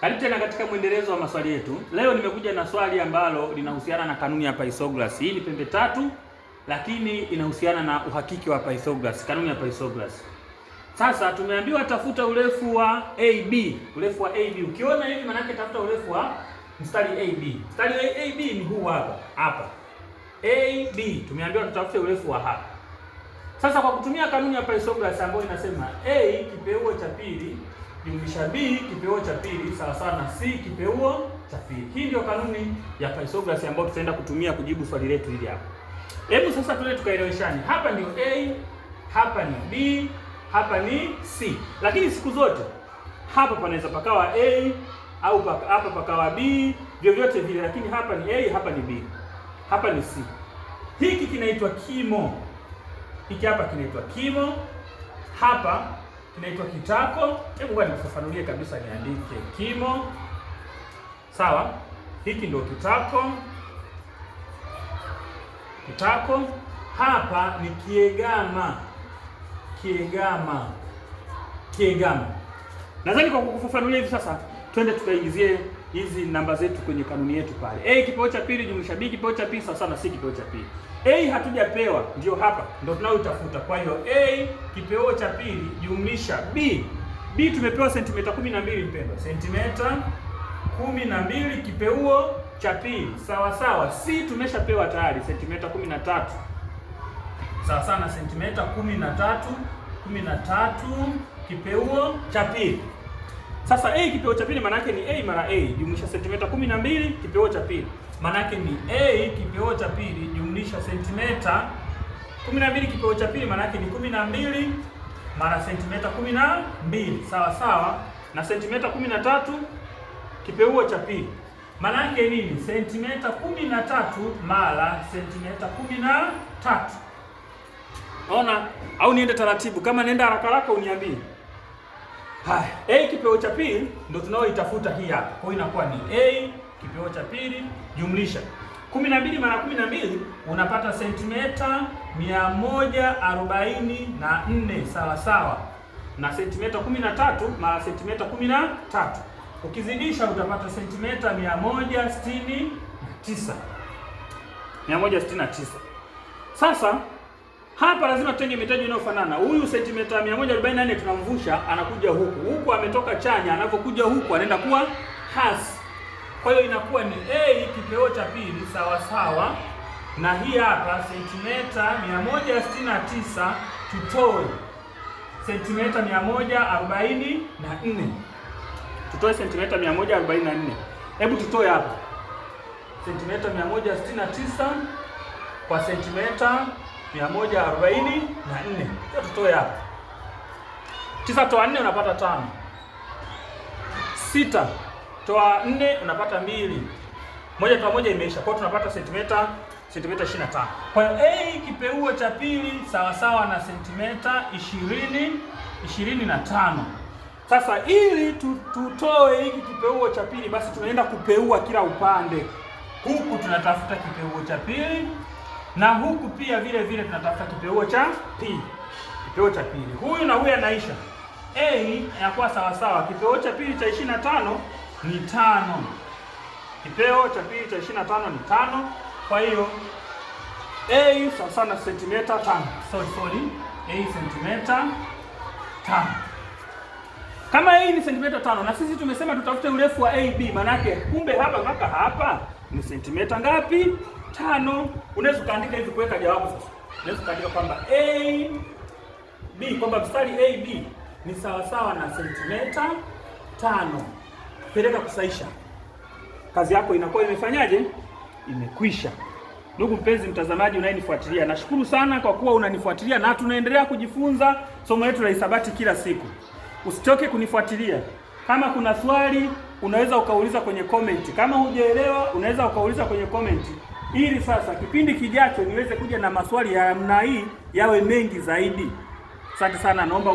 Karibu tena katika mwendelezo wa maswali yetu. Leo nimekuja na swali ambalo linahusiana na kanuni ya Pythagoras. Hii ni pembe tatu, lakini inahusiana na uhakiki wa Pythagoras, kanuni ya Pythagoras. Sasa tumeambiwa tafuta urefu wa AB, urefu wa AB. Ukiona hivi, maana tafuta urefu wa mstari AB. Mstari wa AB ni huu hapa, hapa. AB tumeambiwa tutafute urefu wa hapa. Sasa kwa kutumia kanuni ya Pythagoras ambayo inasema A kipeuo cha pili jumlisha b kipeuo cha pili sawa sawa na c kipeuo cha pili. Hii ndio kanuni ya Pythagoras ambayo tutaenda kutumia kujibu swali letu hili hapa. Hebu sasa tule tukaeleweshane. Hapa ndio a, hapa ni b, hapa ni c. Lakini siku zote hapa panaweza pakawa a au paka, hapa pakawa b, vyovyote vile, lakini hapa ni a, hapa ni b, hapa ni c. Hiki kinaitwa kimo, hiki hapa kinaitwa kimo, hapa inaitwa kitako. Hebu ngoja nikufafanulie kabisa, niandike kimo. Sawa, hiki ndio kitako. Kitako hapa ni kiegama, kiegama, kiegama. Nadhani kwa kukufafanulia hivi sasa, twende tukaingizie hizi namba zetu kwenye kanuni yetu pale. A kipeo cha pili jumlisha B kipeo cha pili sawa sana na C kipeo cha pili. A hatujapewa ndio hapa ndio tunayotafuta. Kwa hiyo A kipeo cha pili jumlisha B. B tumepewa sentimita 12 mpendwa. Sentimita 12 kipeuo cha pili sawa sawa. C tumeshapewa tayari sentimita 13. Sawa sana sentimita 13 13 kipeuo cha pili. Sasa a kipeo cha pili maana yake ni a mara a jumlisha sentimita 12 kipeo cha pili. Maana yake ni a kipeo cha pili jumlisha sentimita 12 kipeo cha pili maana yake ni 12 mara sentimita 12 sawa sawa na sentimita 13 kipeo cha pili. Maana yake nini? Sentimita 13 mara sentimita 13. Ona au niende taratibu, kama nenda haraka haraka uniambie. Haya, a kipeo cha pili ndio tunaoitafuta hii hapa. Kwa hiyo inakuwa ni a kipeo cha pili jumlisha 12 mara 12 unapata sentimita 144 sawa sawa na sentimita 13 mara sentimita 13 ukizidisha utapata sentimita 169. 169. Sasa hapa lazima tutenge mitaji inayofanana. Huyu sentimita 144 tunamvusha, anakuja huku huku, ametoka chanya, anapokuja huku anaenda kuwa hasi. Kwa hiyo inakuwa ni a eh, kipeo cha pili sawa sawa na hii hapa sentimita 169 tutoe sentimita 144 tutoe sentimita 144. Hebu tutoe hapa sentimita 169 kwa sentimita 144 tutoe hapa. 9 toa 4 unapata 5. 6 toa 4 unapata mbili Moja toa moja imeisha. Kwa tunapata sentimita sentimita 25. Kwa hiyo A kipeuo cha pili sawasawa sawa na ishirini na 25. Sasa ili tutoe hiki kipeuo cha pili, basi tunaenda kupeua kila upande. Huku tunatafuta kipeuo cha pili na huku pia vile vile tunatafuta kipeuo cha p. Kipeuo cha pili huyu na huyu anaisha, a inakuwa sawasawa. Kipeuo cha pili cha 25 ni tano. Kipeo cha pili cha 25 ni tano, kwa hiyo a sawa sana sentimeta tano. Sorry, sorry, a sentimeta tano. Kama a ni sentimeta tano na sisi tumesema tutafute urefu wa ab, manake kumbe hapa mpaka hapa ni sentimeta ngapi? tano. Unaweza ukaandika hivi kuweka jawabu sasa. Unaweza ukaandika kwamba a b kwamba mstari a b ni sawa na sentimeta tano. Peleka kusaisha, kazi yako inakuwa imefanyaje? Imekwisha. Ndugu mpenzi mtazamaji unayenifuatilia, nashukuru sana kwa kuwa unanifuatilia na tunaendelea kujifunza somo letu la hisabati kila siku. Usitoke kunifuatilia. Kama kuna swali unaweza ukauliza kwenye comment. Kama hujaelewa unaweza ukauliza kwenye comment ili sasa kipindi kijacho niweze kuja na maswali ya namna hii yawe mengi zaidi. Asante sana, naomba